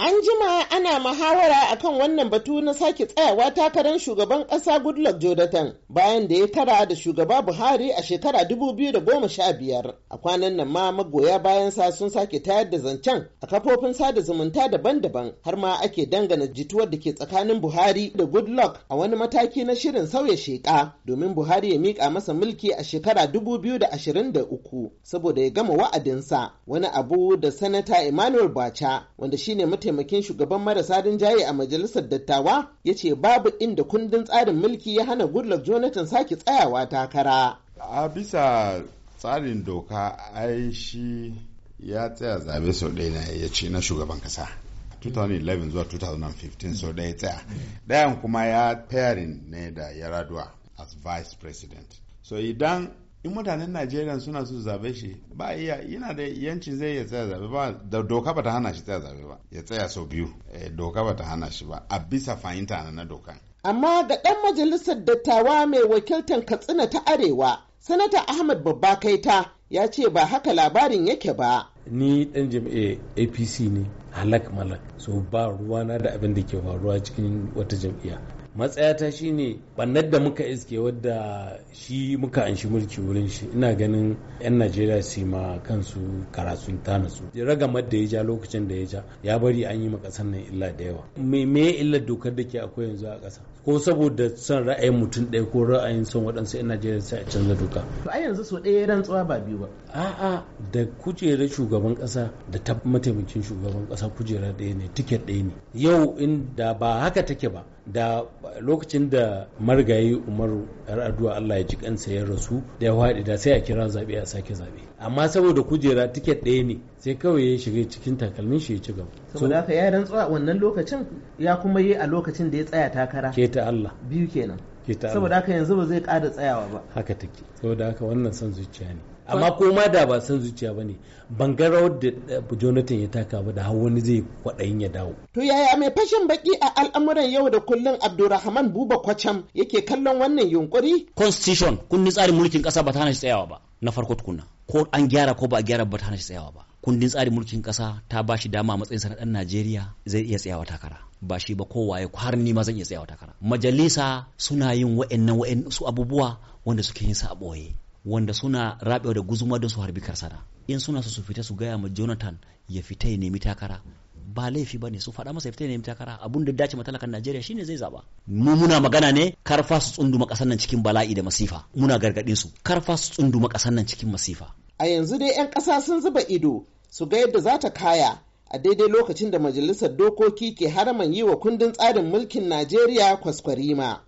An jima ana muhawara akan wannan batu na sake tsayawa takarar shugaban ƙasa Goodluck Jodatan, bayan da ya tara da shugaba Buhari a shekara 2015. A kwanan nan ma magoya bayan sa sun sake tayar da zancen a kafofin sada zumunta daban-daban har ma ake dangana jituwar da ke tsakanin Buhari da Goodluck a wani mataki na shirin sauya sheka domin Buhari ya miƙa masa mulki a shekara 2023 saboda ya gama wa'adinsa wani abu da Sanata Emmanuel Bacha wanda shine mutum mataimakin shugaban marasa rinjaye a majalisar dattawa ya ce babu inda kundin tsarin mulki ya hana goodluck jonathan sake tsayawa takara a bisa tsarin doka ai shi ya tsaya zabe sau ɗaya na ya ce na shugaban kasa 2011 zuwa 2015 sau ɗaya tsaya ɗayan kuma ya pairing ne da yaraduwa as vice president so idan in mutanen najeriya suna su zabe shi ba iya yana da yanci zai ya tsaya zabe ba da doka ba ta hana shi tsaya zabe ba ya tsaya sau biyu eh, doka ba ta hana shi ba a bisa fahimta na doka. amma ga ɗan majalisar dattawa mai wakiltar katsina ta arewa sanata ahmad babba kaita ya ce ba haka labarin yake ba ni dan jami'a apc ne halak malak so ba ruwana da abin da ke faruwa cikin wata jam'iyya matsayata shine bannar da muka iske wadda shi muka anshi mulki wurin shi ina ganin 'yan najeriya su ma kansu karasun tanasu ragamar da ya ja lokacin da ya ja ya bari an yi ma kasar nan illa da yawa me illa dokar da ke akwai yanzu a kasa. ko saboda son ra'ayin mutum ɗaya ko ra'ayin son waɗansu 'yan najeriya sai a canza doka a yanzu so ɗaya rantsuwa ba biyu ba a'a da kujerar shugaban kasa da ta mataimakin shugaban ƙasa kujera ɗaya ne tiket ɗaya ne yau inda ba haka take ba da lokacin da marigayi umaru yar addu'a allah ya ji kansa ya rasu da ya haɗe da sai a kira zaɓe a sake zaɓe amma saboda kujera tiket ɗaya ne sai kawai ya shiga cikin takalmin shi ya ci gaba saboda haka ya rantsuwa wannan lokacin ya kuma yi a lokacin da ya tsaya takara ke ta allah biyu kenan saboda haka yanzu ba zai ƙara tsayawa ba haka take saboda haka wannan son zuciya ne amma kuma da ba san zuciya ba ne ban rawar da eh, jonathan ya taka ba da hau wani zai kwaɗayin ya dawo. to yaya mai fashin baki a al'amuran yau da kullun abdurrahman buba kwacham yake kallon wannan yunkuri. constitution kundin tsarin mulkin ƙasa ba ta hana shi tsayawa ba na farko tukuna ko an gyara ko ba a gyara ba ta hana shi tsayawa ba. kundin tsarin mulkin kasa ta ba shi dama matsayin sa na dan Najeriya zai iya tsayawa takara ba shi ba ya har ni ma zan iya tsayawa takara majalisa suna yin wa'annan wa'annan su abubuwa wanda suke yin sa a ɓoye. wanda suna rabewa da guzuma don su harbi karsana in suna su fita su gaya ma jonathan ya fita ya nemi takara ba laifi ba ne su faɗa masa ya fita ya nemi takara abun da dace matalakan najeriya shine zai zaba mu muna magana ne karfa su tsunduma ƙasar nan cikin bala'i da masifa muna gargaɗin su karfa su tsunduma ƙasar nan cikin masifa a yanzu dai 'yan ƙasa sun zuba ido su ga yadda za ta kaya a daidai lokacin da majalisar dokoki ke haraman yi wa kundin tsarin mulkin najeriya kwaskwarima